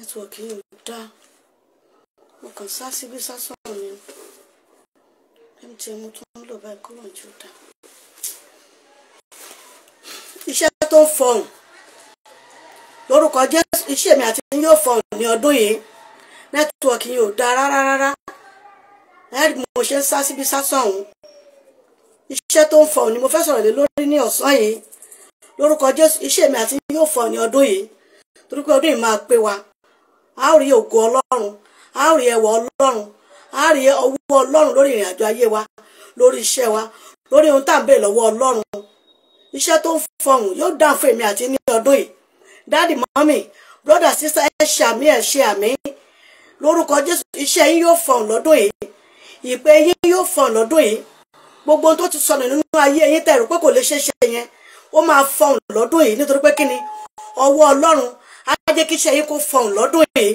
nẹ́tíwọ̀kì yìí ò dáa mo kàn sá síbí sásọ̀rọ̀ mi mtn mo tún ń lò báyìí kọ́ lóun jù dáa. iṣẹ́ tó ń fọhùn lórúkọ Jésù iṣẹ́ mi àti yóò fọhùn ní ọdún yìí nẹ́tíwọ̀kì yìí ò dáa rárá rárá ẹ̀rí mo ṣe ń sá síbí sásọ̀hún iṣẹ́ tó ń fọhùn ni mo fẹ́ sọ̀rọ̀ lé lórí ní ọ̀sán yìí lórúkọ Jésù iṣẹ́ mi àti yóò fọhùn ní ọdún yìí torí pé ọdún yìí máa pé wa a ó rí ògo ọlọ́run a ó rí ẹwà ọlọ́run a rí ọwọ́ ọlọ́run lórí ìrìn àjò ayé wa lórí iṣẹ́ wa lórí ohun tá à ń bèèrè lọ́wọ́ ọlọ́run iṣẹ́ tó ń fọhùn yóò dáhùn fún èmi àti ní ọdún yìí dáàdì mọ́mì brọ́dà sísá ẹ ṣe àmì ẹ ṣe àmì lórúkọ jésù iṣẹ́ yín yóò fọhùn lọ́dún yìí ìpè yín yóò fọhùn lọ́dún yìí gbogbo ohun tó ti sọnù nínú ayé yín tẹ̀rù pé kò lè ṣe ṣe yẹn ó máa fọhùn lọ́dún yìí nítorí pé kíni ọwọ́ ọlọ́run á jẹ́ kí iṣẹ́ yín kó fọhùn lọ́dún yìí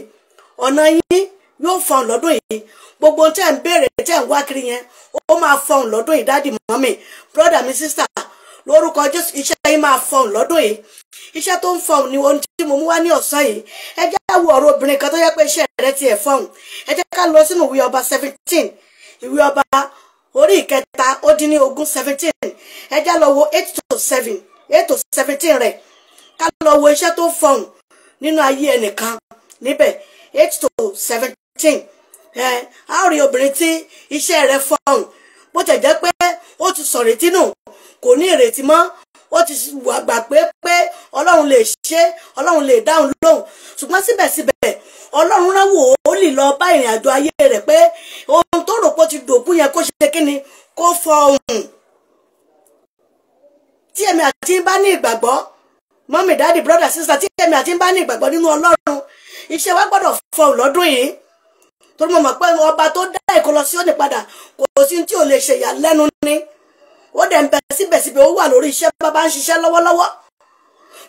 ọ̀nà yín yóò fọhùn lọ́dún yìí gbogbo tẹ́ ń béèrè tẹ́ ń wá kiri yẹn ó máa fọhùn lọ́dún yìí dáàdì mọ́mì brọ́dà mi sísà lórúkọ jésù iṣẹ́ yìí máa fọhùn lọ́dún yìí iṣẹ́ tó ń fọhùn ni ohun tí mo mú wá ní ọ̀sán yìí ẹ jẹ́ ká wo ọ̀rọ̀ obìnrin kan tó yẹ pé iṣẹ́ rẹ̀ tiẹ̀ fọhùn ẹ jẹ́ ká lọ sínú ìwé ọba seventeen ìwé ọba orí ìkẹta ó dín ní ogún seventeen ẹ jẹ́ lọ wo eight to seven eight to seventeen rẹ̀ ká lọ wo iṣẹ́ tó fọhùn nínú ayé ẹnìkan níbẹ̀ eight to seventeen a ó rí obìnrin tí iṣẹ́ rẹ̀ fọhùn bó tẹ̀ jẹ́ pé ó ti sọ̀rọ̀ etí nù kò ní ìrètí mọ́ ó ti wà gbà pé pé ọlọ́run lè ṣe ọlọ́run lè dáhùn lóhùn ṣùgbọ́n síbẹ̀síbẹ̀ ọlọ́run rán wòólì lọ bá ìrìn àjò ayé rẹ̀ pé ohun tó rò pé ó ti dògún yẹn kó ṣe kí ni kó fọhùn tí èmi àti bá ní ìgbàgbọ́ mọ́mì dáàdì brọ́dà sísá tí èmi àti ń bá ní ìgbàgbọ́ nínú ọlọ́run iṣẹ́ wa gbọ́dọ̀ fọhùn lọ́dún yìí torí mo mọ̀ pé ọba tó dá èkó lọ sí òní padà kò sí tí ò lè ṣe ìyàlẹ́nu ni ó dẹ̀ ń bẹ síbẹ̀síbẹ̀ ó wà lórí iṣẹ́ bàbá ń ṣiṣẹ́ lọ́wọ́lọ́wọ́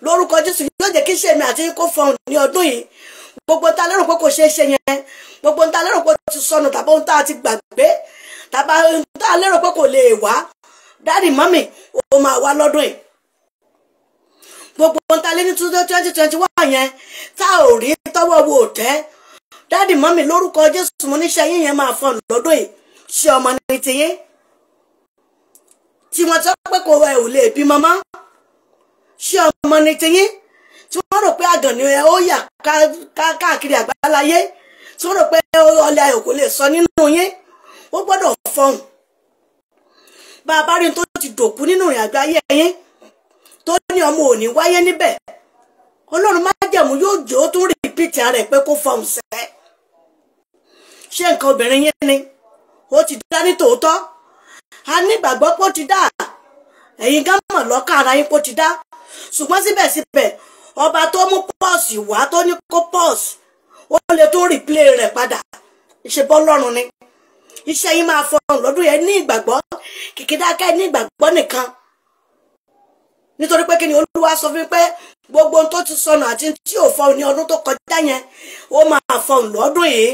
lórúkọ jésù yóò jẹ́ kí ṣe èmi àti kó fọhùn ní ọdún yìí gbogbo ta lérò pé kò ṣeé ṣe yẹn gbogbo ta lérò pé ó ti sọnù tàbí ohun tá a ti gbàgbé tàbí ohun tá a lérò pé kò lè wá dáàdì mọ́mì ó máa wá lọ́dún yìí gbogbo ohun ta lé ní twenty twenty one yẹn tá ò rí tọ́wọ́ wo tẹ́ dáàdì mọ́mì lórúkọ jésù mo níṣẹ́ yín yẹn máa fọ́n lọ́dọ̀ yìí ṣe ọmọ ní tiyín tí wọ́n ti rò pé kò ẹ ò lè bí mọ́mọ́ ṣe ọmọ ní tiyín tí wọ́n rò pé àgàn ni ó yà káàkiri àgbáláyé tí wọ́n rò pé ọlẹ́ ayò kò lè sọ nínú yín ó gbọ́dọ̀ fọhùn bá a bá rí tó ti dòkú nínú ìrìn àgbáyé yín tó ní ọmọ ò ní wáyé níbẹ̀ ọlọ́run májẹ̀mú yóò jò ó tún rìpítì ara ẹ̀ pé kó fọhùn sẹ́ ṣé nǹkan obìnrin yẹn ni ó ti dá ní tòótọ́ a nígbàgbọ́ pé ó ti dá ẹ̀yin gán mọ̀ lọ́kà ara yín pé ó ti dá ṣùgbọ́n síbẹ̀síbẹ̀ ọba tó mú pọ́ọ̀sì wá tó ní kó pọ́ọ̀sì ó lè tún rìplé rẹ̀ padà ìṣèbọ́ ọlọ́run ni iṣẹ́ yín máa fọhùn lọ́dún yẹn ní ìgbàgbọ́ kìkìdá kẹ́ ní ìgbàgbọ́ nìkan nítorí pé kí ni olúwa sọ fún mi pé gbogbo ohun tó ti sọnù àti tí ò fọhùn ní ọdún tó kọjá yẹn ó máa fọhùn lọ́dún yìí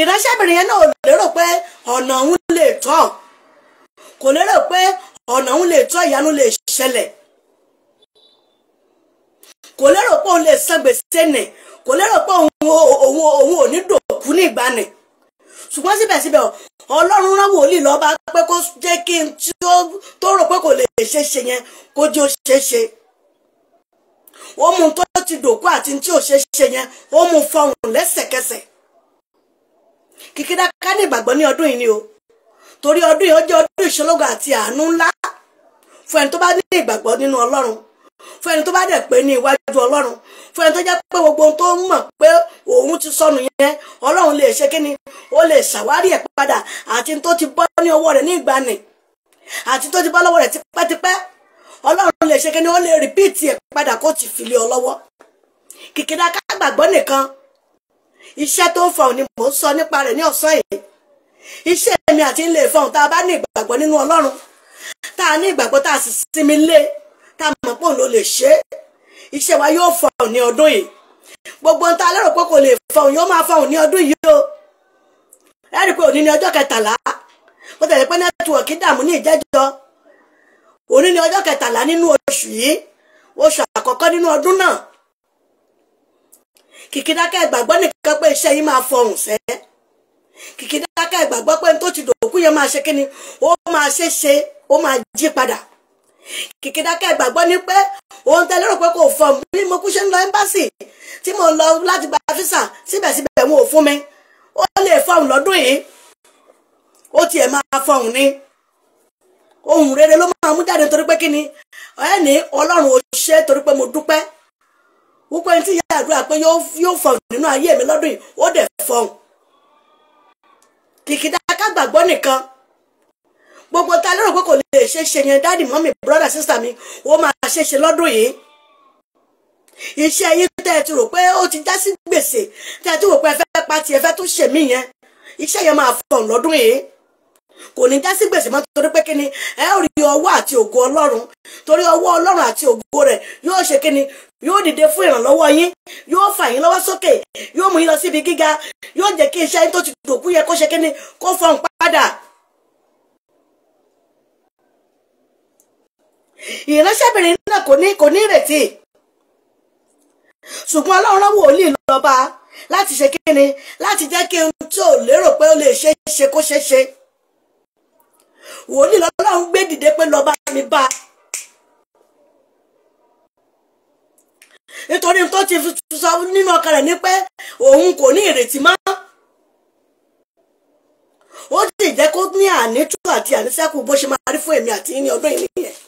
ìránṣẹ́bìnrin yẹn náà ò lérò pé ọ̀nà òun lè tọ́ kò lérò pé ọ̀nà òun lè tọ́ ìyanu lè ṣẹlẹ̀ kò lérò pé òun lè san gbèsè nì kò lérò pé òun òun òun ò ní dòkú ní ìgbà nì ṣùgbọ́n síbẹ̀síbẹ̀ ọlọ́run rán wòlíì lọ bá pé kó jẹ́ kí n tó rò pé kò lè ṣe ṣe yẹn kó jẹ́ ó ṣe ṣe ó mú tó ti dòkú àti tí ò ṣe ṣe yẹn ó mú fọhùn lẹ́sẹ̀kẹsẹ̀ kìkìdá ká ní ìgbàgbọ́ ní ọdún yìí ni o torí ọdún yìí ó jẹ́ ọdún ìṣológo àti àánú ńlá fún ẹni tó bá ní ìgbàgbọ́ nínú ọlọ́run fún ẹni tó bá dẹ̀ pé ní iwájú ọlọ́run fún ẹni tó jẹ́ pé gbogbo ohun tó mọ̀ pé òun ti sọnù yẹn ọlọ́run lè ṣe kí ni ó lè ṣàwárí ẹ̀ padà àti tó ti bọ́ ní ọwọ́ rẹ̀ ní ìgbàanì àti tó ti bọ́ lọ́wọ́ rẹ̀ tipẹ́tipẹ́ ọlọ́run lè ṣe kí ni ó lè rìpíìtì ẹ̀ padà kó ti fi lé ọ lọ́wọ́ kìkìdá ká nìkan iṣẹ́ tó ń fa òní mò ń sọ nípa rẹ̀ ní ọ̀sán yìí iṣẹ́ mi àti ń lè tá a bá ní ìgbàgbọ́ nínú ọlọ́run tá a ní ìgbàgbọ́ tá a sì sinmi lé e tá a mọ̀ pé òun ló lè ṣe é iṣẹ́ wa yóò fà òun ní ọdún yìí gbogbo nta lérò pé kò lè fà òun yóò máa fà òun ní ọdún yìí o ẹ rí i pé òní ní ọjọ́ kẹtàlá bó tẹ̀lé pé nẹ́tíwọ̀kì dààmú ní ìjẹ́jọ́ òní ní ọjọ́ kẹtàlá nínú oṣù yìí oṣù àkọ́kọ́ nínú ọdún náà kìkìdákẹ́ ìgbàgbọ́ nìkan pé iṣẹ́ yìí máa fọhùn sẹ́ kìkìdákẹ́ ìgbàgbọ́ pé n tó ti dòkú yẹn máa ṣe kíni ó máa ṣe ṣe ó máa jí padà kìkìdákẹ́ gbàgbọ́ ni pé òun tẹ lérò pé kò fọ̀ bí mo kú ṣe ń lọ ẹ́mbásì tí mo lọ láti gba físà síbẹ̀síbẹ̀ wọn ò fún mi ó lè fọhùn lọ́dún yìí ó tiẹ̀ máa fọhùn ni ohun rere ló máa mú jáde torí pé kí ni ẹ ní ọlọ́run ò ṣe torí pé mo dúpẹ́ wípé tí ìyá àdúrà pé yóò fọhùn nínú ayé mi lọ́dún yìí ó dẹ̀ fọhùn kìkìdákẹ́ gbàgbọ́ nìkan gbogbo ta lérò pé kò lè ṣe ṣe yẹn dáàdì mọ́mì brọ́dà sísà mi ó máa ṣe ṣe lọ́dún yìí iṣẹ́ yín tẹ́ ẹ ti rò pé ó ti já sí gbèsè tẹ́ ẹ ti rò pé ẹ fẹ́ pa tiẹ̀ fẹ́ tún ṣèmí yẹn iṣẹ́ yẹn máa fọ̀ lọ́dún yìí kò ní já sí gbèsè mọ́ torí pé kíni ẹ ó rí ọwọ́ àti ògo ọlọ́run torí ọwọ́ ọlọ́run àti ògo rẹ̀ yóò ṣe kíni yóò dìde fún ìrànlọ́wọ́ yín yóò fà yín lọ́wọ́ sókè yóò mú yín lọ síbi gíga yóò jẹ́ kí iṣẹ́ yín tó ti dòkú yẹ kó ṣe kíni kó fọ̀n padà ìránṣẹ́bìnrin náà kò ní kò ní ìrètí ṣùgbọ́n ọlọ́run rán wòlíì lọ́ba láti ṣe kíni láti jẹ́ kí n tí lérò pé ó lè ṣe é ṣe kó ṣe é ṣe wòlíì lọ́lọ́run gbé dìde pé lọ́ba mi bá nítorí tó ti sọ nínú ọkàn rẹ̀ ni pé òun kò ní ìrètí mọ́ ó sì jẹ́ kó ní ànítú àti àníṣẹ́kù bó ṣe máa rí fún èmi àti ní ọdún yìí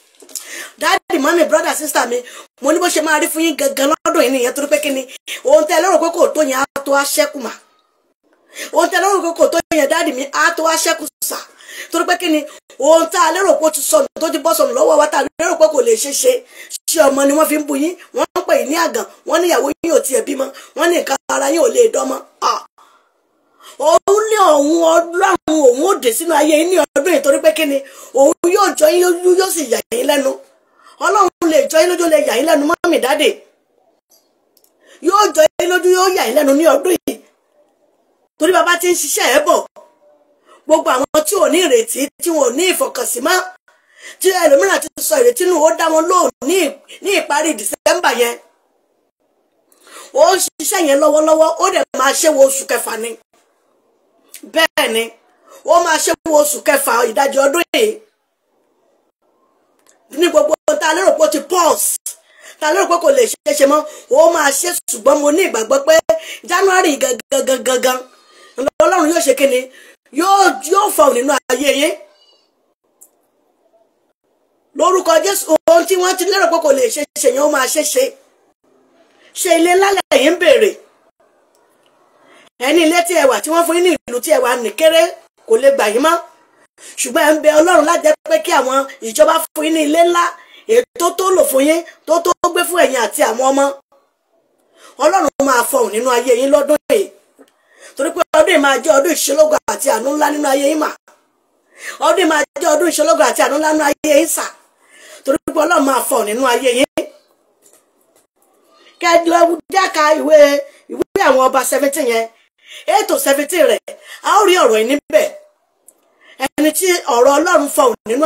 dáàdì mọ́mí brọ́dà sísà mi mo ní bó ṣe máa rí fún yín gangan lọ́dọ̀ yìí nìyẹn torí pé kí ni ohun tẹ́ lọ́rùn pé kò tó yẹn á tó aṣẹ́kù mà ohun tẹ́ lọ́rùn pé tó yẹn dáàdì mi á tó aṣẹ́kù sà torí pé kí ni ohun tá a lérò pé ó ti sọnù tó ti bọ́ sọnù lọ́wọ́ wa tá a lérò pé kò lè ṣe ṣe ṣé ọmọ ni wọ́n fi ń bu yín wọ́n ń pè yín ní àgàn wọ́n ní ìyàwó yín ò tiẹ̀ bímọ wọ́n ní nǹkan ara yín ò lè dánmọ́ òun ní ọ̀hún ọlọ́run òun ò dé sínú ayé yín ní ọdún yìí torí pé kí ni òun yóò jọ yín yóò sì yà yín lẹ́nu ọlọ́run lè jọ ilójú lójú lè yà yín lẹ́nu dáde yóò jọ ilójú yóò yà yín lẹ́nu ní ọdún yìí torí bàbá ti ń ṣiṣẹ́ ẹ̀ bọ̀ gbogbo àwọn tí ò ní ìrètí tí wọn ò ní ìfọkànsí mọ́ tí sọ ìrètí nù ó dá wọn ní ìparí December yẹn ó ń ṣiṣẹ́ yẹn lọ́wọ́lọ́wọ́ ó dẹ̀ máa ṣe wo ni bẹ́ẹ̀ ni ó máa ṣe wo oṣù kẹfà ìdajì ọdún ta lérò pé ó ti pause ta lérò pé kò lè ṣe é ṣe mọ́ ó máa ṣe ṣùgbọ́n mo ní ìgbàgbọ́ pé january gangan gangan ọlọ́run yóò ṣe kíni yóò yóò fọhùn nínú ayé yín lórúkọ jésù ohun tí wọ́n ti lérò pé kò lè ṣe é ṣe yẹn ó máa ṣe ṣe ṣe ilé lálẹ́ yìí ń bèrè ẹni ilé tí ẹ wà tí wọ́n fún yín ní ìlú tí ẹ wà ní kéré kò lè gbà yín mọ́ ṣùgbọ́n ẹ ń bẹ ọlọ́run láti jẹ́ pé kí àwọn ìjọba fún yín ní ilé ńlá ètò tó lò fún yín tó tó gbé fún ẹ̀yin àti àwọn ọmọ ọlọ́run máa fọhùn nínú ayé yín lọ́dún yìí torí pé ọdún yìí máa jẹ́ ọdún ìṣelógo àti àánú ńlá nínú ayé yín mà ọdún yìí máa jẹ́ ọdún àti àánú ńlá nínú ayé yín sà torí ọlọ́run ọba seventeen yẹn seventeen rẹ̀ a ó rí ọ̀rọ̀ yìí níbẹ̀ ẹni tí ọ̀rọ̀ ọlọ́run fọhùn nínú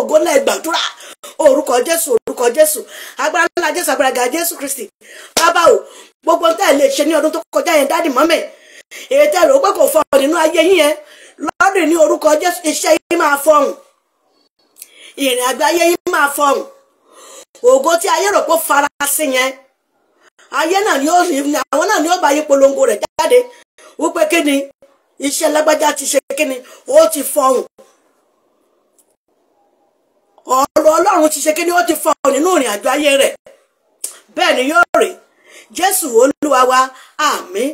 ògo náà gbàdúrà orúkọ jésù orúkọ jésù agbára ńlá jésù agbára ga jésù kristi Baba o gbogbo ń tẹ̀ lè ṣe ní ọdún tó kọjá yẹn dáàdì mọ́mẹ́ èyí tẹ̀ rò pé kò fọ nínú ayé yín yẹn lọ́dún ní orúkọ jésù iṣẹ́ yín máa fọhùn ìrìn àgbà ayé yín máa fọhùn ògo tí ayé rò pé farasin yẹn ayé náà ni àwọn náà ni ó bá yí polongo rẹ̀ jade! wípé kí ni iṣẹ́ lágbájá ti ṣe Kini! ni ó ti fọhùn ọ̀rọ̀ ọlọ́run ti ṣe kíni ó ti fọ́ nínú ìrìn àjò ayé rẹ̀ bẹ́ẹ̀ ni yóò rí jésù olúwa wa àmì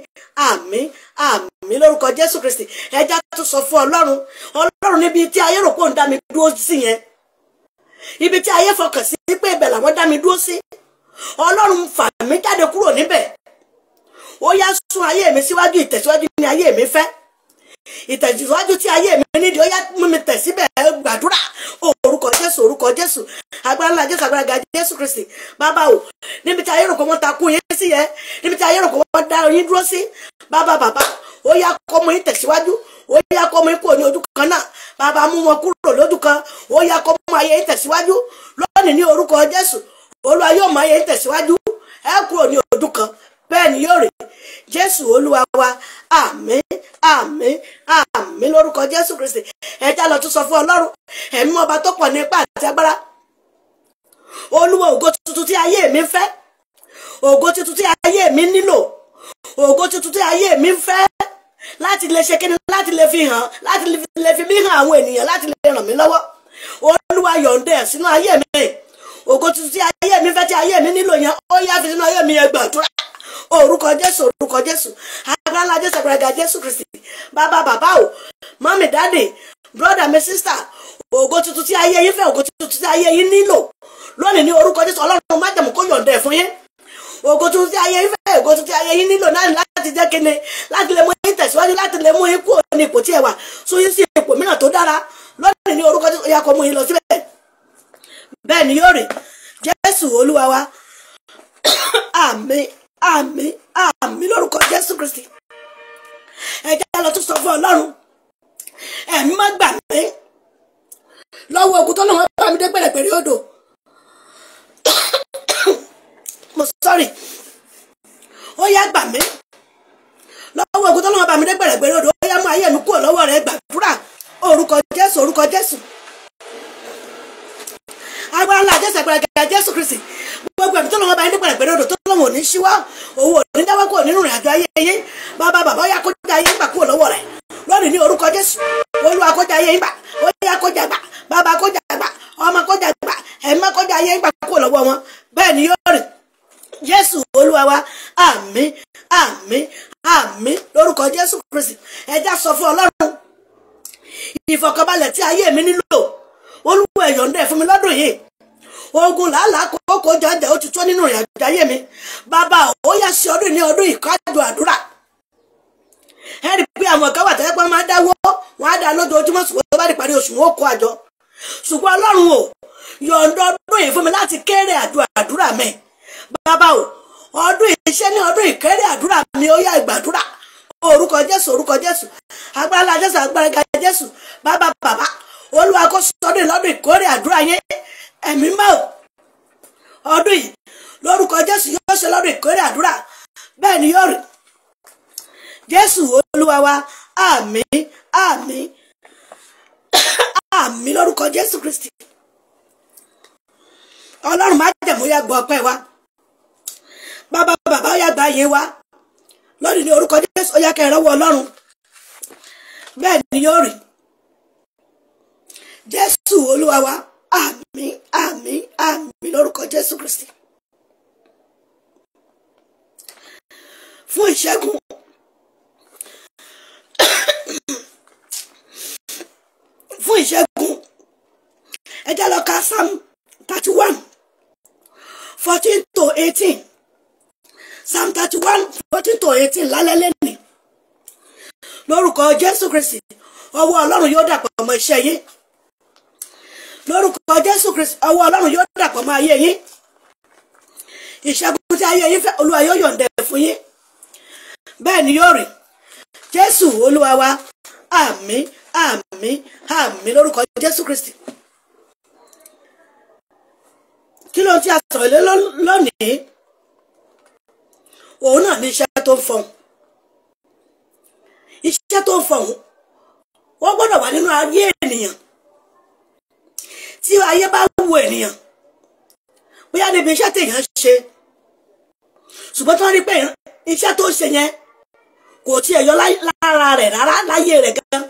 àmì àmín lórúkọ jésù kristi ẹja tó sọ fún ọlọ́run ọlọ́run níbi tí ayé rò pé òun dá mi dúró sí yẹn ibi tí ayé fọkàn sí pé ibẹ̀ làwọn dá mi dúró sí ọlọ́run fà mí jáde kúrò ìtẹ̀síwájú tí ayé mi nídìí ó yá mú mi tẹ̀ síbẹ̀ gbàdúrà orúkọ jésù orúkọ jésù agbára ńlá jésù agbára ga jésù kristi bàbá o níbi tí ayé rò pé wọ́n ta kún yín sí yẹn níbi tí ayé rò pé wọ́n dá yín dúró sí bàbá bàbá ó yá kọ́ mú yín tẹ̀síwájú ó yá kọ́ mú yín kúrò ní ojú kan náà bàbá mú wọn kúrò lójú kan ó yá kọ́ mú ayé yín lónìí ní orúkọ jésù olúwa yóò mú ayé yín ẹ kúrò ní ojú kan bẹ́ẹ̀ ni yóò rí jésù olúwa wa àmín àmín àmín lórúkọ jésù kristi ẹja lọ tún sọ fún ọlọ́run ẹ̀mí ọba tó pọ̀ nípa àti agbára olúwa ògo tuntun tí ayé mi ń fẹ́ ògo tuntun tí ayé mi nílò ògo tuntun tí ayé mi ń fẹ́ láti lè ṣe kíni láti lè fi hàn láti lè fi mí hàn àwọn ènìyàn láti lè ràn mí lọ́wọ́ olúwa yọ̀ǹdẹ̀ sínú ayé mi ògo tuntun tí ayé mi fẹ́ tí ayé mi nílò yẹn ó yá fi sínú ayé mi ẹ gbàdúrà orúkọ jésù orúkọ jésù agbára jésù agbára jésù kristi bàbá bàbá o mọ́mì dáàdì brọ́dà mi sísà ògo tuntun tí ayé yín fẹ́ ògo tuntun tí ayé yín nílò lónìí ní orúkọ jésù ọlọ́run má jẹ̀mú kó yọ̀ǹda ẹ̀ fún yín ògo tuntun tí ayé yín fẹ́ ògo tuntun tí ayé yín nílò náà láti jẹ́ kíni láti lè mú yín tẹ̀síwájú láti lè mú yín kúrò ní ipò tí ẹ wà sún yín sí ipò mìíràn tó dára lónìí ní orúkọ jésù ìyá kò mú yín lọ síbẹ̀ bẹ́ẹ̀ ni yóò rí jésù olúwa wa àmín àmín àmín lórúkọ jésù kristi ẹ jẹ́ lọ tún sọ fún ọlọ́run ẹ̀mí má gbà mí lọ́wọ́ ogun tó lọ́wọ́ bá mi dé pẹ̀lẹ́pẹ̀lẹ́ odò mo sọ́rí ó yá gbà mí lọ́wọ́ ogun tó lọ́wọ́ bá mi dé pẹ̀lẹ́pẹ̀lẹ́ odò ó yá mú ayé mi kúrò lọ́wọ́ rẹ̀ gbàdúrà orúkọ jésù orúkọ jésù agbára ńlá jésù àgbàlagbà jésù kristi ní ṣíwá owó ní dáwọ́ kò nínú ìrìnàjò ayé yín bàbá bàbá ó yá kó jẹ ayé gbà kúrò lọ́wọ́ rẹ̀ lónìí ní orúkọ jésù olúwa kó jẹ ayé yín gbà ó yá kó jẹ gbà bàbá kó jẹ gbà ọmọ kó jẹ gbà ẹ̀mọ́ kó jẹ ayé gbà kúrò lọ́wọ́ wọn bẹ́ẹ̀ ni yóò rìn jésù olúwa wa àmín àmín àmín lórúkọ jésù kristi ẹja sọ fún ọlọ́run ìfọ̀kànbalẹ̀ tí ayé mi nílò olúwa ẹ̀yọ̀ǹda ẹ̀ fún mi lọ́dún yìí ogun làálàá kókó jọjọ ó ti tó nínú ìrìn àjò ayé mi bàbá ó yá sí ọdún ní ọdún ìkájọ àdúrà ẹ rí i pé àwọn ọ̀gá wà tẹ́lẹ̀ pé wọ́n máa dáwọ́ wọn á dá lójoojúmọ́ ṣùgbọ́n tó bá di parí oṣù wọn ó kó àjọ ṣùgbọ́n ọlọ́run ò yọ̀ǹda ọdún yìí fún mi láti kéré àjọ àdúrà mi bàbá o ọdún iṣẹ́ ní ọdún ìkéré àdúrà mi ó yá ìgbàdúrà orúkọ jésù orúkọ jésù agbára jésù agbára jésù bàbá bàbá olúwa kó ìkórè àdúrà yẹn ẹ̀mí mọ́ ọdún yìí lórúkọ jésù yóò ṣe lọ́dún ìkórè àdúrà bẹ́ẹ̀ ni yóò rí jésù olúwa wa lórúkọ jésù kristi ọlọ́run má jẹ̀mú yá gbọ́ ọpẹ́ wa bàbá bàbá yá wa ní orúkọ bẹ́ẹ̀ ni yóò rí jésù olúwa wa. àmín àmín àmín lórúkọ Jésù Kristi fún ìṣẹ́gun fún ìṣẹ́gun ẹ jẹ́ lọ ka psalm thirty one fourteen to eighteen psalm thirty one fourteen to eighteen lálẹ́ lẹ́nìí lórúkọ Jésù Kristi ọwọ́ Ọlọ́run yóò dàpọ̀ ọmọ iṣẹ́ yín lórúkọ jésù kristi ọwọ́ ọlọ́run yóò dàpọ̀ mọ́ ayé yín ìṣẹ́gun tí ayé yín fẹ́ olúwa yóò yọ̀ǹda fún yín bẹ́ẹ̀ ni yóò rí jésù olúwa wa àmín àmín àmín lórúkọ jésù kristi kí ló ń tí a sọ̀rọ̀ lé lónìí òun náà ní iṣẹ́ tó ń fọhùn iṣẹ́ tó ń fọhùn wọ́n gbọ́dọ̀ wà nínú ayé ènìyàn tí ayé bá wù ènìyàn bóyá níbi iṣẹ́ téèyàn ṣe ṣùgbọ́n tí wọ́n rí pé iṣẹ́ tó ṣe yẹn kò tiẹ̀ yọ lára rẹ̀ rárá láyé rẹ̀ gan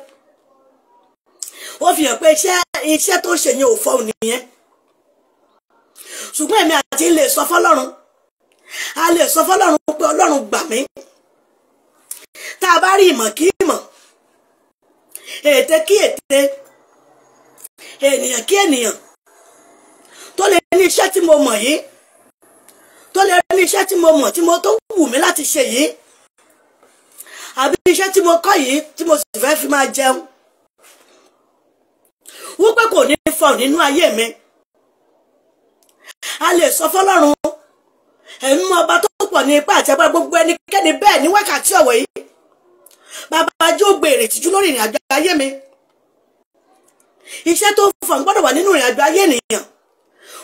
ó fi hàn pé iṣẹ́ tó ṣe yẹn ò fọ́ nìyẹn ṣùgbọ́n èmi àti lè sọ fọlọ́run a lè sọ fọlọ́run pé ọlọ́run gbà mí tá a bá rí ìmọ̀ kí ìmọ̀ ète kí ète ènìyàn kí ènìyàn tó lè ní iṣẹ́ tí mo mọ̀ yìí tó lè ní iṣẹ́ tí mo mọ̀ tí mo tó wù mí láti ṣe yìí àbí iṣẹ́ tí mo kọ́ yìí tí mo sì fẹ́ fi máa jẹun wípé kò ní fọ nínú ayé mi a lè sọ fọlọ́run ẹ̀mí ọba tó pọ̀ ní ipá àti agbára gbogbo ẹnikẹ́ni bẹ́ẹ̀ ní wákàtí ọ̀wọ̀ yìí bàbá jó gbèrè tìjú lórí ìrìn àjò ayé mi iṣẹ́ tó fà ń gbọ́dọ̀ wà nínú ìrìn àjò ayé ènìyàn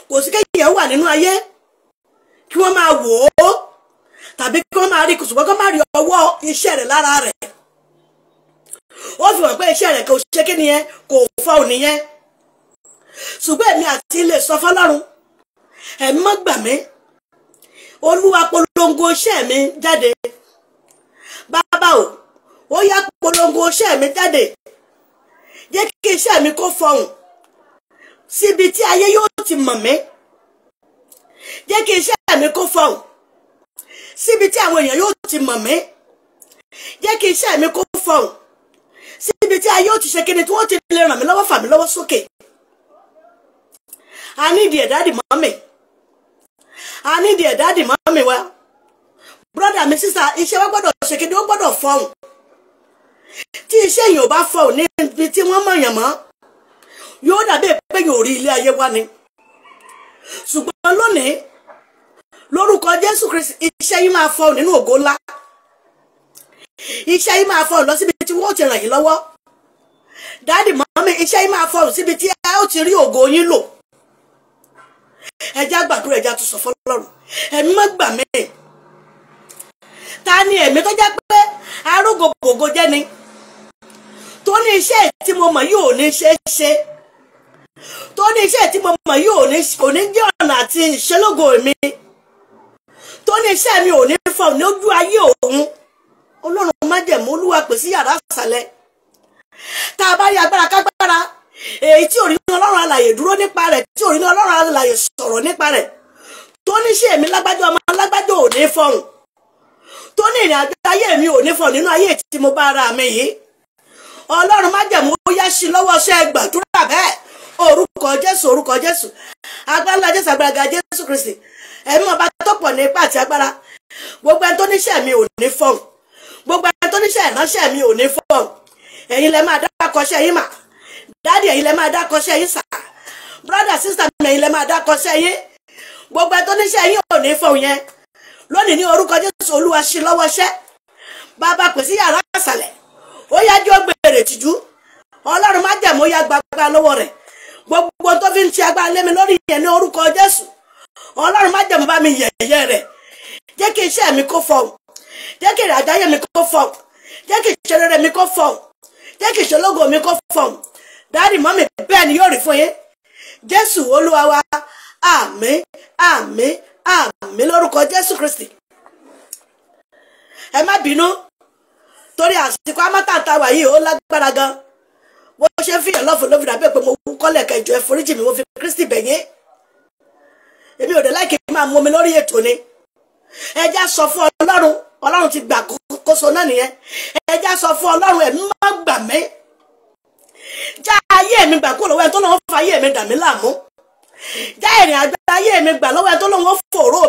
kò sí kéèyàn wà nínú ayé kí wọ́n máa wò ó tàbí kí wọ́n máa rí kùsùgbọ́n kí wọ́n máa rí ọwọ́ iṣẹ́ rẹ̀ lára rẹ̀ ó fi hàn pé iṣẹ́ rẹ̀ kò ṣe kí nìyẹn kò fọ́ ò nìyẹn ṣùgbọ́n èmi àti ilé sọ fọlọ́run ẹ̀mí mọ́ gbà mí olúwa polongo iṣẹ́ mi jáde bàbá o ó yá polongo iṣẹ́ mi jáde jẹ́ kí iṣẹ́ mi kó fọhùn síbi tí ayé yóò ti mọ̀ mí jẹ́ kí iṣẹ́ mi kó fọhùn síbi tí àwọn èèyàn yóò ti mọ̀ mí jẹ́ kí iṣẹ́ mi kó fọhùn síbi tí ayé yóò ti ṣe kíni tí wọ́n ti lè ràn mí lọ́wọ́ fà mí lọ́wọ́ sókè a ní ìdí ẹ̀dá dì mọ́ a ní ìdí ẹ̀dá dì mọ́ wa brọ́dà mi sísá iṣẹ́ wa gbọ́dọ̀ ṣe kíni ó gbọ́dọ̀ fọhùn tí iṣẹ́ yìí ò bá fọ òní ibi tí wọ́n mọ̀yàn mọ́ yóò dàbí pé yóò rí ilé ayé wá ni ṣùgbọ́n lónìí lórúkọ Jésù Kristi iṣẹ́ yìí máa fọ nínú ògo ńlá iṣẹ́ yìí máa fọ lọ síbi tí wọ́n ti ràn yín lọ́wọ́ dáàdì mọ́mí iṣẹ́ yìí máa fọ síbi tí ẹ ó ti rí ògo yín lò ẹjá gbàdúrà ẹjá tó sọ fọlọ́run ẹ̀mí má gbà mí ta ni ẹ̀mí tó jẹ́ pé arógògògò jẹ́ ni ní iṣẹ́ tí mo mọ̀ yóò ní ṣe é ṣe tó ní iṣẹ́ tí mo mọ̀ yìí ò ní kò ní jẹ́ ọ̀nà àti ìṣelógo mi tó ní iṣẹ́ mi ò ní fọ lójú ayé òun ọlọ́run májẹ̀mú olúwa pè sí yàrá àṣàlẹ̀ tá a bá rí agbára kágbára èyí tí òrìnà ọlọ́run alàyè dúró nípa rẹ̀ tí òrìnà ọlọ́run alàyè sọ̀rọ̀ nípa rẹ̀ tó ní iṣẹ́ mi lágbájọ́ ọmọ lágbájọ́ ò ní fọhùn tó ní ìrìn àjò ayé mi ò ní fọ nínú ayé tí mo bá ara mi yìí ọlọ́run májẹ̀mú ó yá sí lọ́wọ́ ṣẹ́ gbàdúrà bẹ́ẹ̀ orúkọ jésù orúkọ jésù agbára jésù agbára jésù kristi ẹ̀mí ọba tó pọ̀ ní ipá àti agbára gbogbo ẹni tó níṣẹ́ mi ò ní fọ́n gbogbo ẹni tó níṣẹ́ ìránṣẹ́ mi ò ní fọ́n ẹ̀yin lẹ máa dákọṣẹ́ yín mà dáàdì ẹ̀yin lẹ máa dákọṣẹ́ yín sà brọ́dà sísà mi ẹ̀yin lẹ máa dákọṣẹ́ yín gbogbo ẹni tó níṣẹ́ yín ò ní fọ́n yẹn lónìí ní orúkọ jésù olúwa ṣe lọ́wọ́ ṣẹ́ bàbá pèsè yàrá bèrè tìjú ọlọ́run má jẹ̀mọ́ ya gbàgbà lọ́wọ́ rẹ̀ gbogbo tó fi ń ti agbára lé mi lórí yẹn ní orúkọ jésù ọlọ́run má jẹ̀mọ́ bá mi yẹ̀yẹ́ rẹ̀ jẹ́ kí iṣẹ́ mi kó fọ́ jẹ́ kí ìrìnàjáyé mi kó fọ́ jẹ́ kí ìṣòro rẹ̀ mi kó fọ́ jẹ́ kí ìṣòlógo mi kó fọ́ dáàdì mọ́mì bẹ́ẹ̀ ni yóò rí fún yín jésù olúwa wa àmín àmín lórúkọ jésù kristi ẹ má bínú torí àsìkò amátàntà wà yìí ó lágbára gan wọ́n ṣe fi fìyàn lọ́fọ̀ dàbí pé mo wú kọ́lẹ̀ kẹjọ ẹ̀foríjì mi mo fi Kristi bẹ̀yẹ́ èmi ò dé láì máa mú mi lórí ètò ni ẹjá sọ fún Ọlọ́run ti gbà kóso náà nìyẹn ẹjá sọ fún Ọlọ́run ẹ̀mí má gbà mí ayé mi gbà lọ́wọ́ ẹ̀ tó ayé mi dà mí láàmú já ayé mi gbà lọ́wọ́ ẹ̀ tó lọ́wọ́ fòró